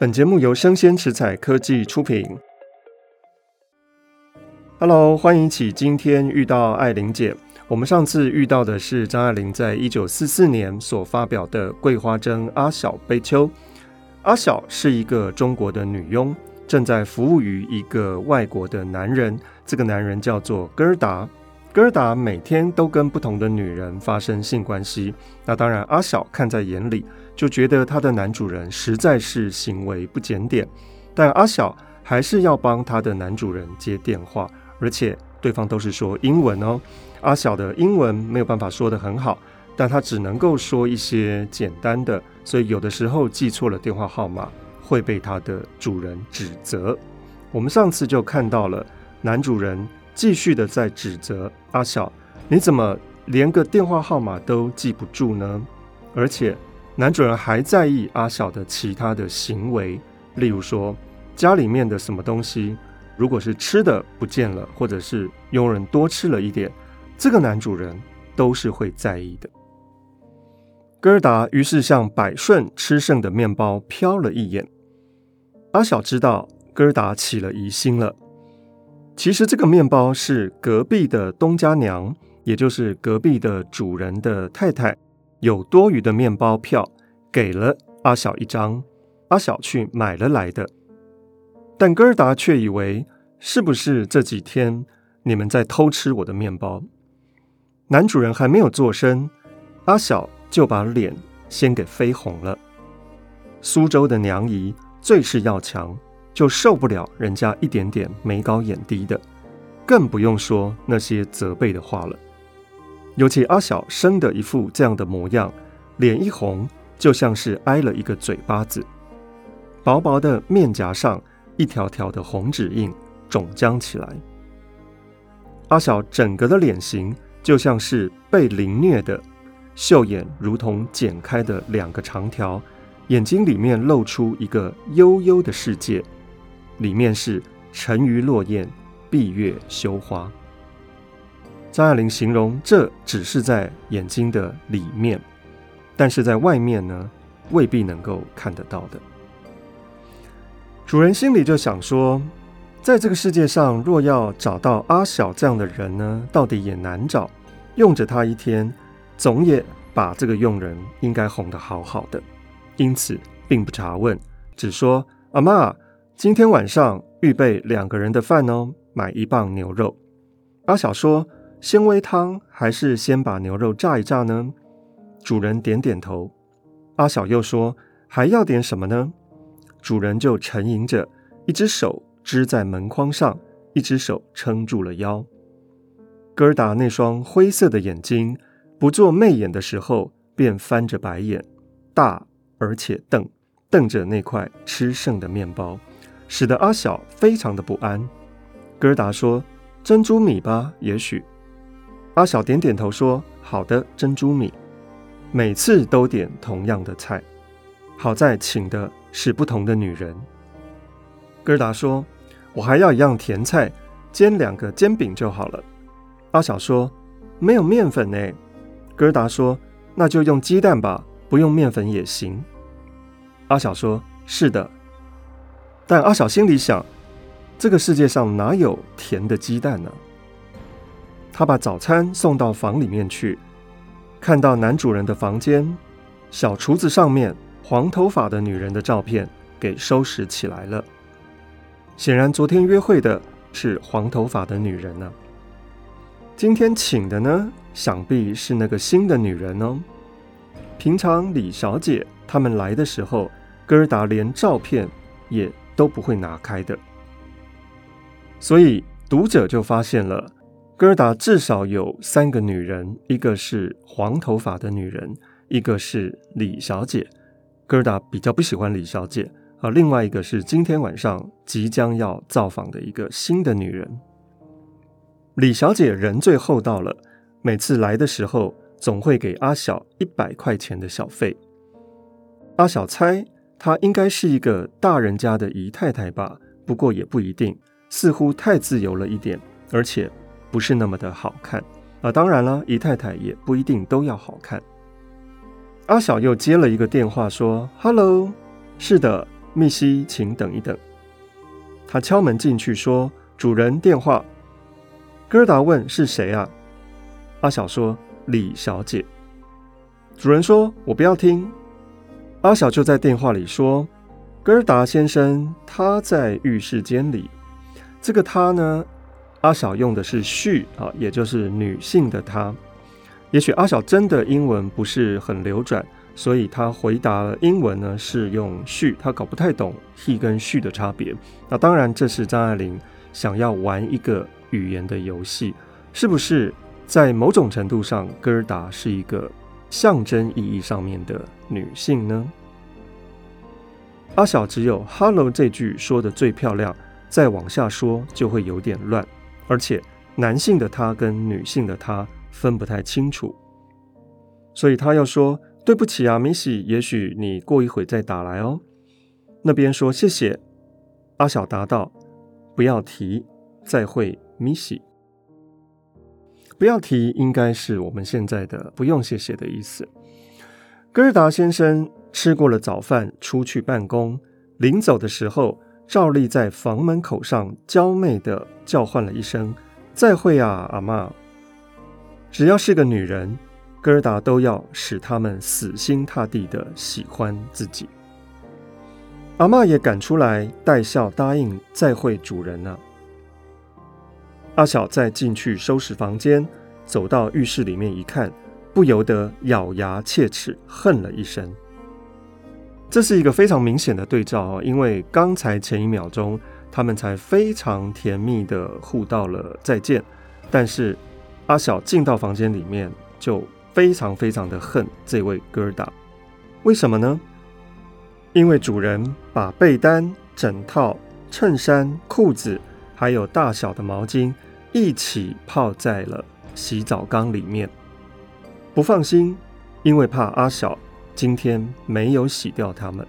本節目由聲鮮時采科技出品。Hello，歡迎起今天遇道愛玲姐。我們上次遇到的是張愛玲在一九四四年所發表的《桂花蒸阿小悲秋》。阿小是一個中國的女傭，正在服務於一個外國的男人。這個男人叫做哥兒達。哥兒達每天都跟不同的女人發生性關係，那當然阿小看在眼裡，就覺得他的男主人實在是行為不檢點。但阿小還是要幫他的男主人接電話，而且對方都是說英文哦。阿小的英文沒有辦法說得很好，但他只能夠說一些簡單的，所以有的時候記錯了電話號碼會被他的主人指責。我們上次就看到了男主人，繼續的在指責阿小，你怎麼連個電話號碼都記不住呢？而且男主人還在意阿小的其他的行為，例如說家裡面的什麼東西，如果是吃的不見了，或者是傭人多吃了一點，這個男主人都是會在意的。哥兒達於是向百順吃剩的麵包瞟了一眼，阿小知道哥兒達起了疑心了。其實這個麵包是隔壁的東家娘，也就是隔壁的主人的太太，有多餘的麵包票，給了阿小一張，阿小去買了來的。但哥兒達却以為是不是這幾天你們在偷吃我的麵包？男主人還沒有作聲，阿小就把臉先給飛紅了。蘇州的娘姨最是要強。就受不了人家一點點眉高眼低的，更不用說那些責備的話了。尤其阿小生得一副這樣的模樣，臉一紅，就像是挨了一個嘴巴子，薄薄的面頰上一條條的紅指印腫僵起來。阿小整個的臉型就像是被凌虐的，秀眼如同剪開的兩個長條，眼睛裡面露出一個幽幽的世界。裡面是沉魚落雁、閉月羞花。張愛玲形容這只是在眼睛的裡面，但是在外面呢，未必能夠看得到的。主人心裡就想說，在這個世界上，若要找到阿小這樣的人呢，到底也難找。用着他一天，總也把這個傭人應該哄得好好的，因此並不查問，只說阿媽。今天晚上預備兩個人的飯哦，買一磅牛肉。阿小說：“先煨湯還是先把牛肉炸一炸呢？”主人點點頭。阿小又說：“還要點什麼呢？”主人就沉吟着，一只手支在門框上，一只手撐住了腰。哥兒達那雙灰色的眼睛，不做媚眼的時候，便翻着白眼，大而且瞪，瞪着那塊吃剩的麵包。使得阿小非常的不安。哥兒達說：“珍珠米吧，也許。”阿小點點頭說：“好的，珍珠米。”每次都點同樣的菜，好在請的是不同的女人。哥兒達說：“我還要一樣甜菜，煎兩個煎餅就好了。”阿小說：“沒有麵粉呢、欸。”哥兒達說：“那就用雞蛋吧，不用麵粉也行。”阿小說：“是的。”但阿小心裡想，這個世界上哪有甜的雞蛋呢？他把早餐送到房裡面去，看到男主人的房間，小廚子上面黃頭髮的女人的照片給收拾起來了。顯然昨天約會的是黃頭髮的女人呢、啊，今天請的呢，想必是那個新的女人哦。平常李小姐他們來的時候，哥兒達連照片也都不會拿開的，所以讀者就發現了，哥兒達至少有三個女人，一個是黃頭髮的女人，一個是李小姐，哥兒達比較不喜歡李小姐，而另外一個是今天晚上即將要造訪的一個新的女人。李小姐人最厚道了，每次來的時候總會給阿小一百塊錢的小費，阿小猜，她應該是一個大人家的姨太太吧，不過也不一定，似乎太自由了一點，而且不是那麼的好看啊。當然了，姨太太也不一定都要好看。阿小又接了一個電話說，說：“Hello，是的，密西，請等一等。”他敲門進去說：“主人，電話。”戈爾達問：“是誰啊？”阿小說：“李小姐。”主人說：“我不要聽。”阿小就在電話裡說：“戈爾達先生，他在浴室間裡。這個‘他’呢，阿小用的是 ‘she’ 啊，也就是女性的‘她’。也許阿小真的英文不是很流轉，所以他回答了英文呢，是用 ‘she’，他搞不太懂 ‘he’ 跟 ‘she’ 的差別。那當然，這是張愛玲想要玩一個語言的遊戲，是不是？在某種程度上，戈爾達是一個。”象徵意義上面的女性呢？阿小只有 “hello” 這句說的最漂亮，再往下說就會有點亂，而且男性的他跟女性的她分不太清楚，所以他要說：“對不起啊，米西，也許你過一會再打來哦。”那邊說：“謝謝。”阿小答道：“不要提，再會、Missy，米西。”不要提，應該是我們現在的“不用謝謝”的意思。哥兒達先生吃過了早飯，出去辦公。臨走的時候，照例在房門口上嬌媚地叫喚了一聲：“再會啊，阿媽！”只要是個女人，哥兒達都要使她們死心塌地地喜歡自己。阿媽也趕出來，帶笑答應：“再會，主人了啊。”阿小再進去收拾房間，走到浴室裡面一看，不由得咬牙切齒，恨了一聲。這是一個非常明顯的對照，因為剛才前一秒鐘他們才非常甜蜜的互道了再見，但是阿小進到房間裡面就非常非常的恨這位哥兒達，為什麼呢？因為主人把被單、枕套、襯衫、褲子，還有大小的毛巾。一起泡在了洗澡缸裡面，不放心，因為怕阿小今天沒有洗掉它們。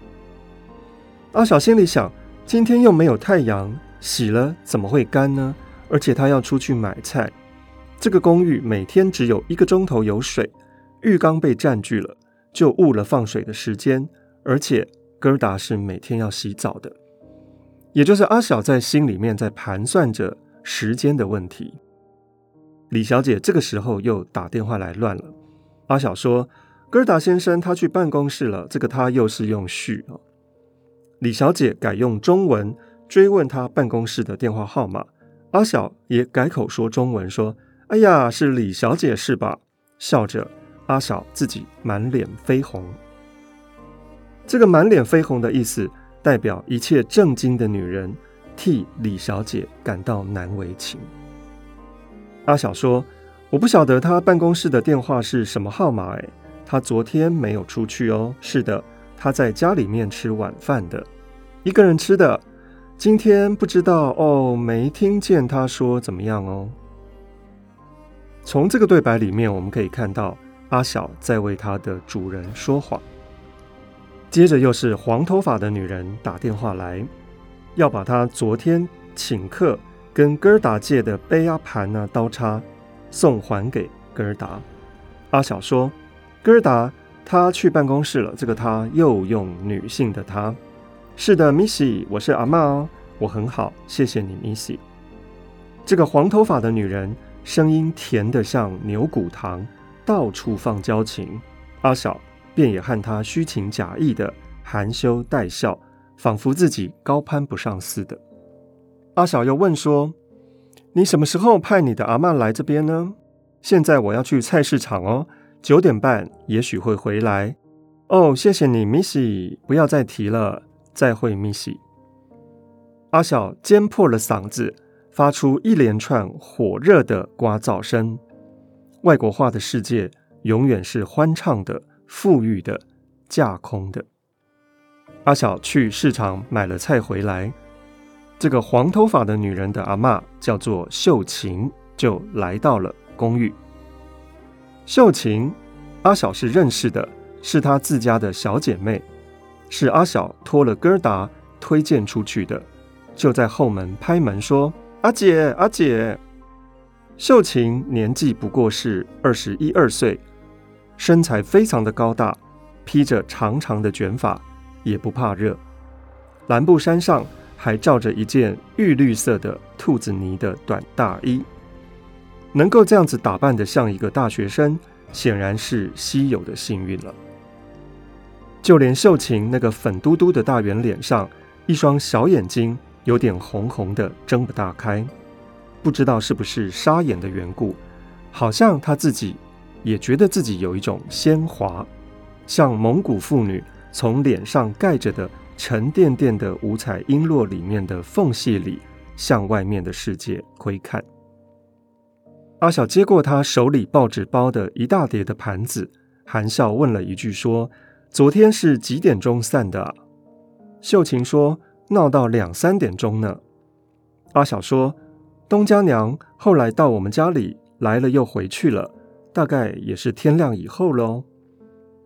阿小心裡想：今天又沒有太陽，洗了怎麼會乾呢？而且他要出去買菜，這個公寓每天只有一個鐘頭有水，浴缸被佔據了，就誤了放水的時間。而且哥兒達是每天要洗澡的，也就是阿小在心裡面在盤算着。時間的問題，李小姐這個時候又打電話來亂了。阿小說：“戈爾達先生他去辦公室了。”這個他又是用序。李小姐改用中文追問他辦公室的電話號碼，阿小也改口說中文說：“哎呀，是李小姐是吧？”笑着，阿小自己滿臉緋紅。這個滿臉緋紅的意思，代表一切正經的女人，替李小姐感到難為情。阿小說：“我不曉得她辦公室的電話是什麼號碼。誒，她昨天沒有出去哦。是的，她在家裡面吃晚飯的，一個人吃的。今天不知道哦，沒聽見她說怎麼樣哦。”從這個對白裡面，我們可以看到阿小在為他的主人說謊。接着又是黃頭髮的女人打電話來。要把他昨天請客跟哥兒達借的杯啊盤啊刀叉送還給哥兒達。阿小說：“哥兒達，他去辦公室了。”這個他又用女性的她。是的，米西，我是阿媽哦，我很好，謝謝你，米西。這個黃頭髮的女人聲音甜得像牛骨糖，到處放交情。阿小便也和他虛情假意的含羞帶笑。仿佛自己高攀不上似的。阿小又問說：“你什麼時候派你的阿媽來這邊呢？現在我要去菜市場哦，九點半也許會回來。哦，謝謝你，Missy，不要再提了，再會，Missy。”阿小尖破了嗓子，發出一連串火熱的聒噪聲。外國話的世界永遠是歡暢的、富裕的、架空的。阿小去市場買了菜回來，這個黃頭髮的女人的阿媽叫做秀琴，就來到了公寓。秀琴，阿小是認識的，是她自家的小姐妹，是阿小託了哥兒達推薦出去的，就在後門拍門說：“阿、啊、姐，阿、啊、姐。”秀琴年紀不過是二十一二歲，身材非常的高大，披着長長的卷髮。也不怕熱，藍布衫上還罩着一件玉綠色的兔子呢的短大衣，能夠這樣子打扮得像一個大學生，顯然是稀有的幸運了。就連秀琴那個粉嘟嘟的大圓臉上，一雙小眼睛有點紅紅的，睜不大開，不知道是不是沙眼的緣故，好像她自己也覺得自己有一種鮮華，像蒙古婦女。從臉上蓋着的沉甸甸的五彩瓔珞裡面的縫隙裡，向外面的世界窺看。阿小接過他手裡報紙包的一大疊的盤子，含笑問了一句說：“說昨天是幾點鐘散的啊？”秀琴說：“鬧到兩三點鐘呢。”阿小說：“東家娘後來到我們家裡，來了又回去了，大概也是天亮以後嘍。”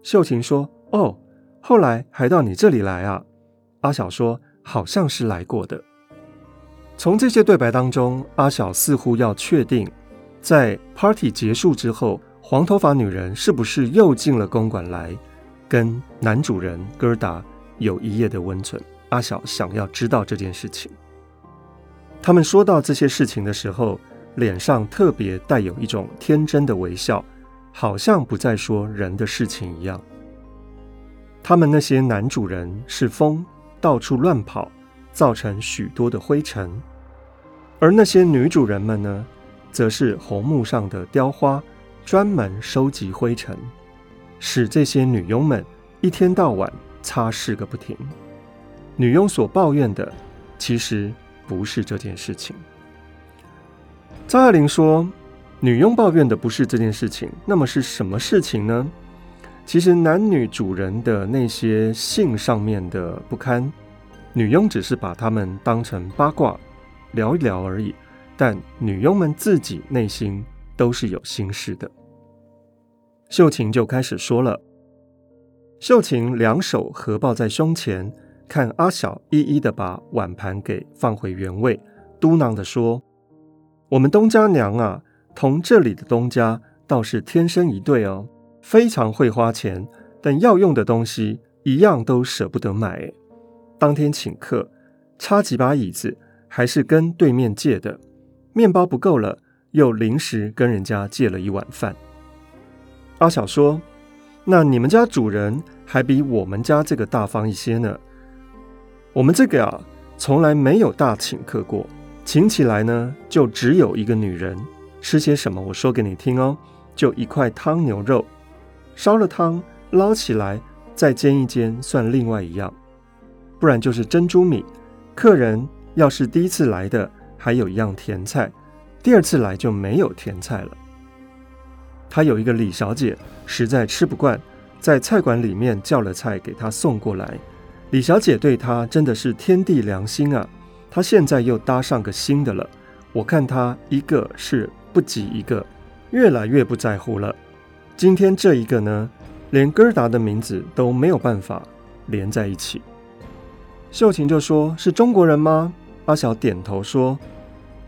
秀琴說：“哦。”後來還到你這裡來啊？阿小說，好像是來過的。從這些對白當中，阿小似乎要確定，在 party 結束之後，黃頭髮女人是不是又進了公館來，跟男主人哥兒達有一夜的溫存。阿小想要知道這件事情。他們說到這些事情的時候，臉上特別帶有一種天真的微笑，好像不再說人的事情一樣。他們那些男主人是風，到處亂跑，造成許多的灰塵；而那些女主人們呢，則是紅木上的雕花，專門收集灰塵，使這些女傭們一天到晚擦拭個不停。女傭所抱怨的，其實不是這件事情。張愛玲說，女傭抱怨的不是這件事情，那麼是什麼事情呢？其實男女主人的那些性上面的不堪，女傭只是把他們當成八卦聊一聊而已。但女傭們自己內心都是有心事的。秀琴就開始說了。秀琴兩手合抱在胸前，看阿小一一的把碗盤給放回原位，嘟囔的說：“我們東家娘啊，同這裡的東家倒是天生一對哦。”非常會花錢，但要用的東西一樣都捨不得買。當天請客，差幾把椅子還是跟對面借的。麵包不夠了，又臨時跟人家借了一碗飯。阿小說：“那你們家主人還比我們家這個大方一些呢。我們這個啊，從來沒有大請客過，請起來呢就只有一個女人。吃些什麼？我說給你聽哦，就一塊湯牛肉。”燒了湯，撈起來再煎一煎，算另外一樣；不然就是珍珠米。客人要是第一次來的，還有一樣甜菜；第二次來就沒有甜菜了。他有一個李小姐，實在吃不慣，在菜館裡面叫了菜給她送過來。李小姐對他真的是天地良心啊！她現在又搭上個新的了，我看她一個是不及一個，越來越不在乎了。今天這一個呢，連哥兒達的名字都沒有辦法連在一起。秀琴就說：“是中國人嗎？”阿小點頭說：“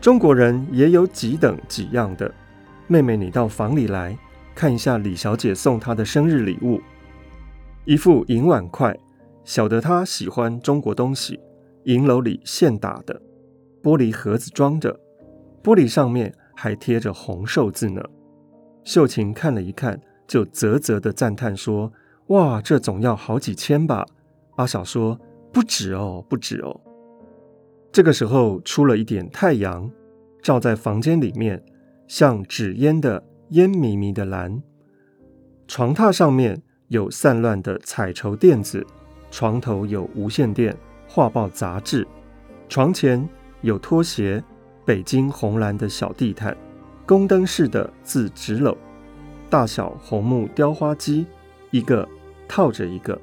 中國人也有幾等幾樣的。妹妹，你到房裡來看一下李小姐送她的生日禮物，一副銀碗筷，曉得她喜歡中國東西，銀樓裡現打的，玻璃盒子裝着，玻璃上面還貼着紅壽字呢。”秀琴看了一看，就嘖嘖地讚嘆說：“哇，這總要好幾千吧？”阿小說：“不止哦，不止哦。”這個時候出了一點太陽，照在房間裡面，像紙煙的煙迷迷的藍。床榻上面有散亂的彩綢墊子，床頭有無線電、畫報、雜誌，床前有拖鞋，北京紅藍的小地毯。宮燈式的字紙簍，大小紅木雕花機一個套着一個，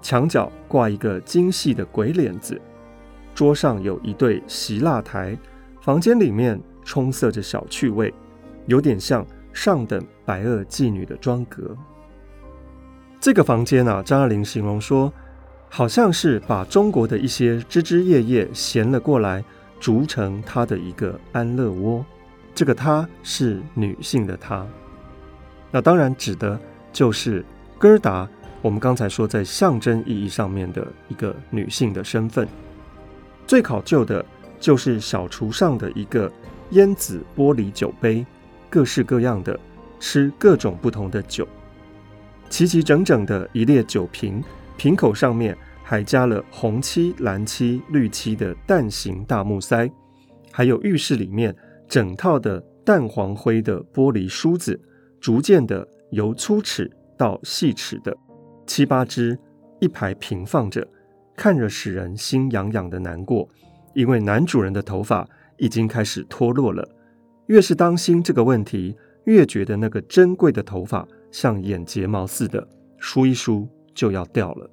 牆角掛一個精細的鬼臉子，桌上有一對席蠟台，房間裡面充塞着小趣味，有點像上等白俄妓女的妝閣。這個房間啊，張愛玲形容說，好像是把中國的一些枝枝葉葉銜了過來，築成她的一個安樂窩。這個她是女性的她，那當然指的就是哥兒達。我們剛才說，在象徵意義上面的一個女性的身份，最考究的就是小廚上的一個煙紫玻璃酒杯，各式各樣的，吃各種不同的酒，齊齊整整的一列酒瓶，瓶口上面還加了紅漆、藍漆、綠漆的蛋形大木塞，還有浴室裡面。整套的淡黃灰的玻璃梳子，逐漸的由粗齒到細齒的七八支一排平放着，看着使人心癢癢的難過，因為男主人的頭髮已經開始脫落了。越是當心這個問題，越覺得那個珍貴的頭髮像眼睫毛似的，梳一梳就要掉了。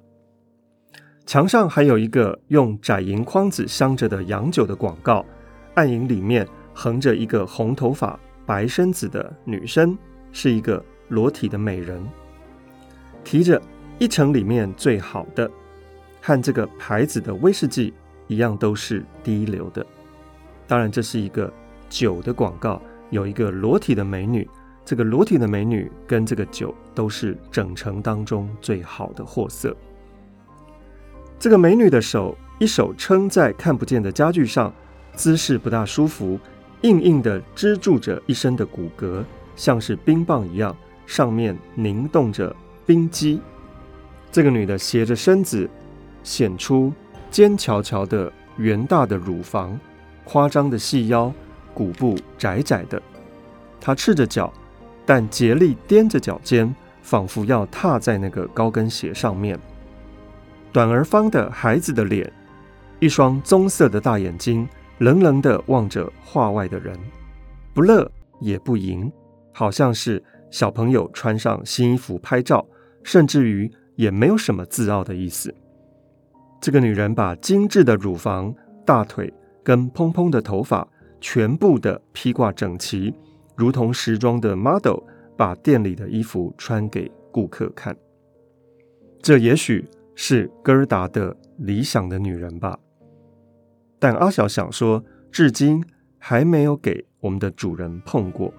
牆上還有一個用窄銀框子鑲着的洋酒的廣告，暗影裡面。橫着一個紅頭髮、白身子的女生，是一個裸體的美人，提着一城裡面最好的，和這個牌子的威士忌一樣，都是第一流的。當然，這是一個酒的廣告。有一個裸體的美女，這個裸體的美女跟這個酒都是整城當中最好的貨色。這個美女的手一手撐在看不見的家具上，姿勢不大舒服。硬硬的支柱着一身的骨骼，像是冰棒一樣，上面凝凍着冰肌。這個女的斜着身子，顯出尖翹翹的圓大的乳房，誇張的細腰，骨部窄窄的。她赤着腳，但竭力踮着腳尖，仿佛要踏在那個高跟鞋上面。短而方的孩子的臉，一雙棕色的大眼睛。冷冷的望着畫外的人，不樂也不淫，好像是小朋友穿上新衣服拍照，甚至於也沒有什麼自傲的意思。這個女人把精緻的乳房、大腿跟蓬蓬的頭髮全部的披掛整齊，如同時裝的 model，把店裡的衣服穿給顧客看。這也許是哥兒達的理想的女人吧。但阿小想說，至今還沒有給我們的主人碰過。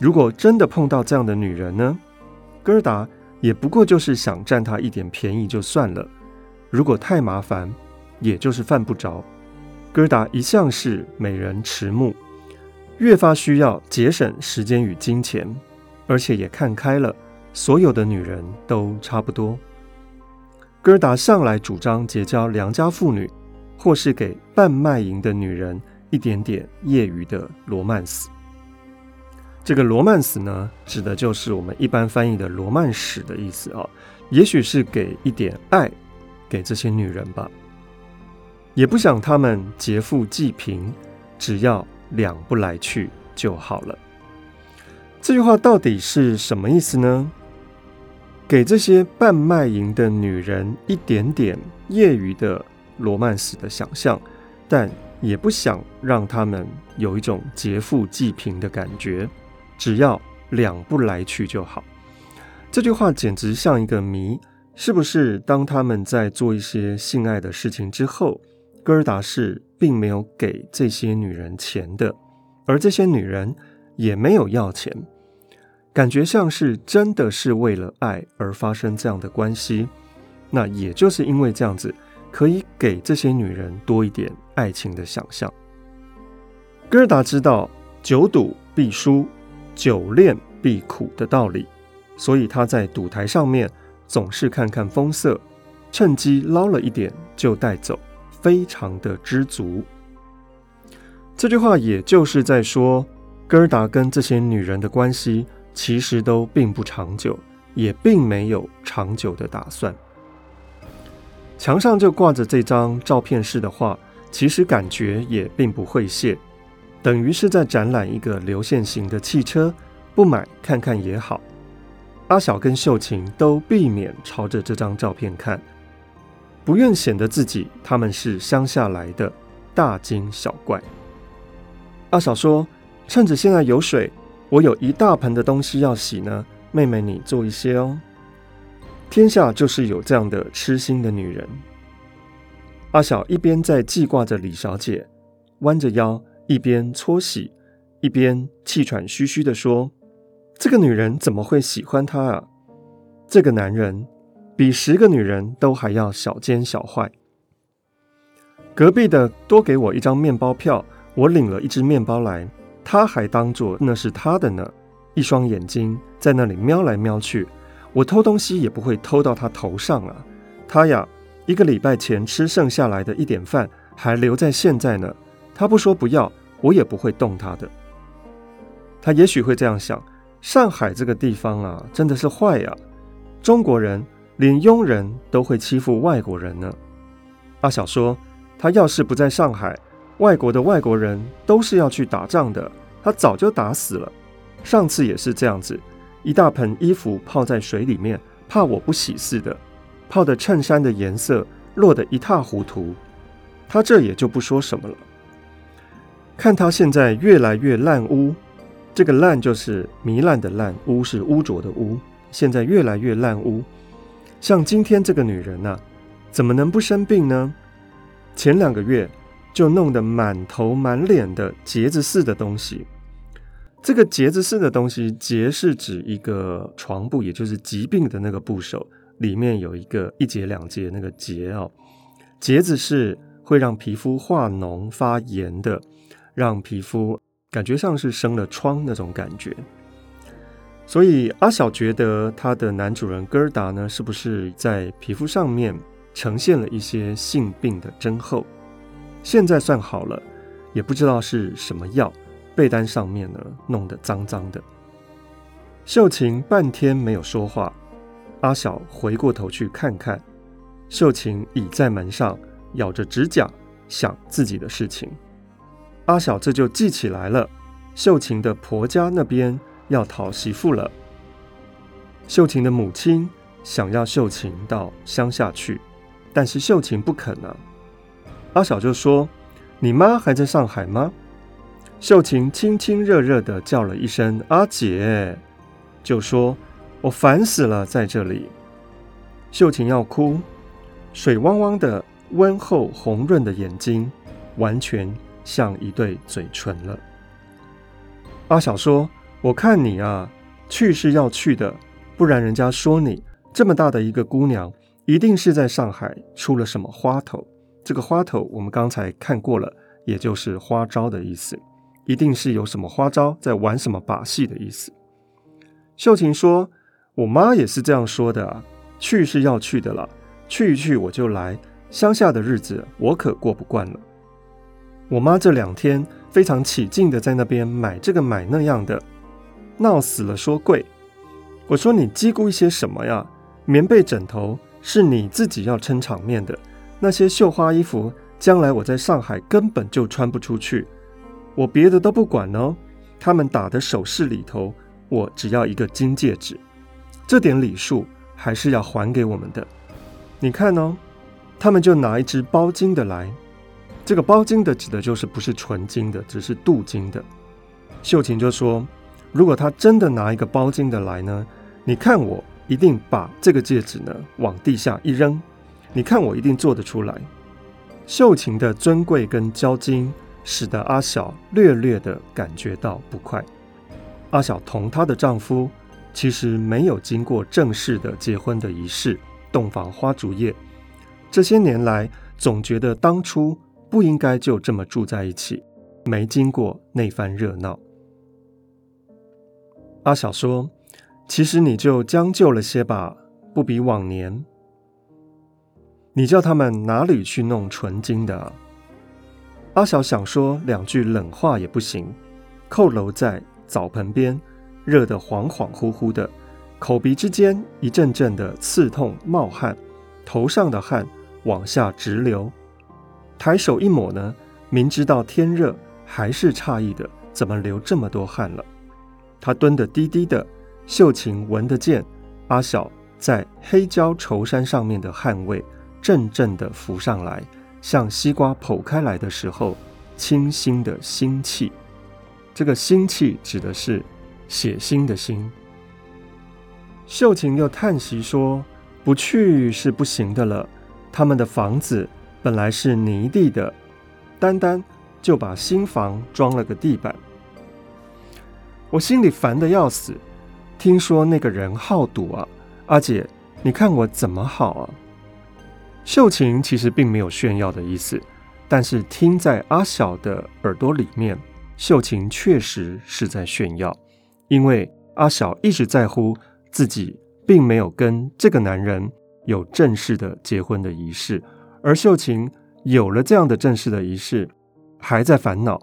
如果真的碰到這樣的女人呢？哥兒達也不過就是想占她一點便宜就算了。如果太麻煩，也就是犯不着。哥兒達一向是美人遲暮，越發需要節省時間與金錢，而且也看開了，所有的女人都差不多。哥兒達向來主張結交良家婦女。或是給半賣淫的女人一點點業餘的羅曼史，這個羅曼史呢，指的就是我們一般翻譯的羅曼史的意思啊、哦。也許是給一點愛給這些女人吧，也不想她們劫富濟貧，只要兩不來去就好了。這句話到底是什麼意思呢？給這些半賣淫的女人一點點業餘的。羅曼史的想象，但也不想讓他們有一種劫富濟貧的感覺，只要兩不來去就好。這句話簡直像一個謎，是不是？當他們在做一些性愛的事情之後，哥兒達是並沒有給這些女人錢的，而這些女人也沒有要錢，感覺像是真的是為了愛而發生這樣的關係。那也就是因為這樣子。可以給這些女人多一點愛情的想象。哥兒達知道“久賭必輸，久戀必苦”的道理，所以他在賭台上面總是看看風色，趁機撈了一點就帶走，非常的知足。這句話也就是在說，哥兒達跟這些女人的關係其實都並不長久，也並沒有長久的打算。牆上就掛着這張照片式的畫，其實感覺也並不會謝，等於是在展覽一個流線型的汽車。不買看看也好。阿小跟秀琴都避免朝着這張照片看，不願顯得自己他們是鄉下來的，大驚小怪。阿小說：“趁着現在有水，我有一大盆的東西要洗呢，妹妹你做一些哦。”天下就是有這樣的痴心的女人。阿小一邊在記掛着李小姐，彎着腰一邊搓洗，一邊氣喘吁吁地說：“這個女人怎麼會喜歡他啊？這個男人比十個女人都還要小奸小壞。”隔壁的多給我一張麵包票，我領了一隻麵包來，他還當作那是他的呢，一雙眼睛在那裡瞄來瞄去。我偷東西也不會偷到他頭上啊！他呀，一個禮拜前吃剩下來的一點飯還留在現在呢。他不說不要，我也不會動他的。他也許會這樣想：上海這個地方啊，真的是壞呀！中國人連傭人都會欺負外國人呢。阿小說，他要是不在上海，外國的外國人都是要去打仗的，他早就打死了。上次也是這樣子。一大盆衣服泡在水裡面，怕我不洗似的，泡的襯衫的顏色落得一塌糊塗。他這也就不說什麼了。看他現在越來越爛污，這個爛就是糜爛的爛，污，是污濁的污，現在越來越爛污。像今天這個女人吶、啊，怎麼能不生病呢？前兩個月就弄得滿頭滿臉的結子似的東西。這個“癤”子似的東西，“癤”是指一個床部，也就是疾病的那個部首，裡面有一個一孑兩孑那個“孑”哦，“癤”子是會讓皮膚化膿發炎的，讓皮膚感覺上是生了瘡那種感覺。所以阿小覺得他的男主人哥兒達呢，是不是在皮膚上面呈現了一些性病的徵候？現在算好了，也不知道是什麼藥。被單上面呢，弄得髒髒的。秀琴半天沒有說話。阿小回過頭去看看，秀琴倚在門上，咬着指甲，想自己的事情。阿小這就記起來了，秀琴的婆家那邊要討媳婦了。秀琴的母親想要秀琴到鄉下去，但是秀琴不肯啊。阿小就說：“你媽還在上海嗎？”秀琴親親熱熱的叫了一聲“阿姐”，就說：“我煩死了，在這裡。”秀琴要哭，水汪汪的溫厚紅潤的眼睛，完全像一對嘴唇了。阿小說：“我看你啊，去是要去的，不然人家說你這麼大的一個姑娘，一定是在上海出了什麼花頭。這個花頭，我們剛才看過了，也就是花招的意思。”一定是有什麼花招，在玩什麼把戲的意思。秀琴說：“我媽也是這樣說的啊，去是要去的了，去一去我就來。鄉下的日子我可過不慣了。我媽這兩天非常起勁的在那邊買這個買那樣的，鬧死了，說貴。我說你嘰咕一些什麼呀？棉被枕頭是你自己要撐場面的，那些繡花衣服將來我在上海根本就穿不出去。”我別的都不管哦，他們打的首飾裡頭，我只要一個金戒指，這點禮數還是要還給我們的。你看哦，他們就拿一只包金的來。這個包金的指的就是不是純金的，只是鍍金的。秀琴就說，如果他真的拿一個包金的來呢，你看我一定把這個戒指呢往地下一扔，你看我一定做得出來。秀琴的尊貴跟驕矜，使得阿小略略的感覺到不快。阿小同她的丈夫其實沒有經過正式的結婚的儀式，洞房花燭夜。這些年來，總覺得當初不應該就這麼住在一起，沒經過那番熱鬧。阿小說：“其實你就將就了些吧，不比往年。你叫他們哪裡去弄純金的啊？”阿小想說兩句冷話也不行，佝僂在澡盆邊，熱得恍恍惚惚的，口鼻之間一陣陣的刺痛冒汗，頭上的汗往下直流，抬手一抹呢，明知道天熱，還是詫異的，怎麼流這麼多汗了？他蹲得低低的，秀琴聞得見阿小在黑膠綢衫上面的汗味，陣陣的浮上來。像西瓜剖開來的時候，清新的腥氣，這個腥氣指的是血腥的腥。秀琴又嘆息說：“不去是不行的了。他們的房子本來是泥地的，單單就把新房裝了個地板。我心裡煩得要死。聽說那個人好賭啊，阿姐，你看我怎麼好啊？”秀琴其實並沒有炫耀的意思，但是聽在阿小的耳朵裡面，秀琴確實是在炫耀。因為阿小一直在乎自己，並沒有跟這個男人有正式的結婚的儀式，而秀琴有了這樣的正式的儀式，還在煩惱。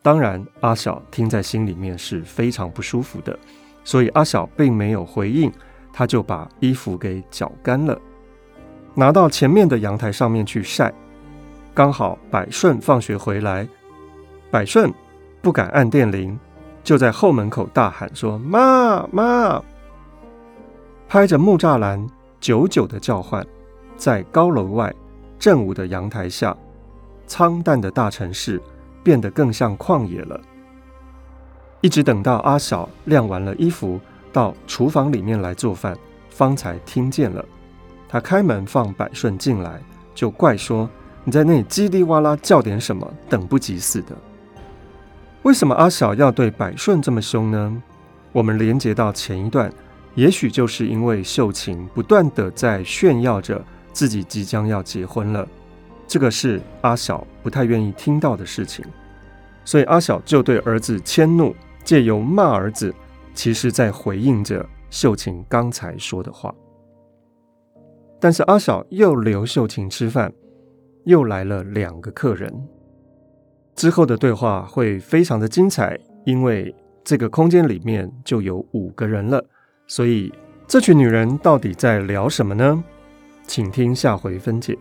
當然，阿小聽在心裡面是非常不舒服的，所以阿小並沒有回應，他就把衣服給絞乾了。拿到前面的陽台上面去曬，剛好百順放學回來，百順不敢按電鈴，就在後門口大喊說：“媽媽！”拍着木柵欄，久久的叫喚，在高樓外、正午的陽台下，蒼淡的大城市變得更像曠野了。一直等到阿小晾完了衣服，到廚房裡面來做飯，方才聽見了。打開門放百順進來，就怪說，你在那裡嘰里哇啦叫點什麼，等不及似的。為什麼阿小要對百順這麼凶呢？我們連接到前一段，也許就是因為秀琴不斷地在炫耀着自己即將要結婚了，這個是阿小不太願意聽到的事情，所以阿小就對兒子遷怒，借由罵兒子，其實在回應着秀琴剛才說的話。但是阿小又留秀琴吃飯，又來了兩個客人。之後的對話會非常的精彩，因為這個空間裡面就有五個人了。所以這群女人到底在聊什麼呢？請聽下回分解。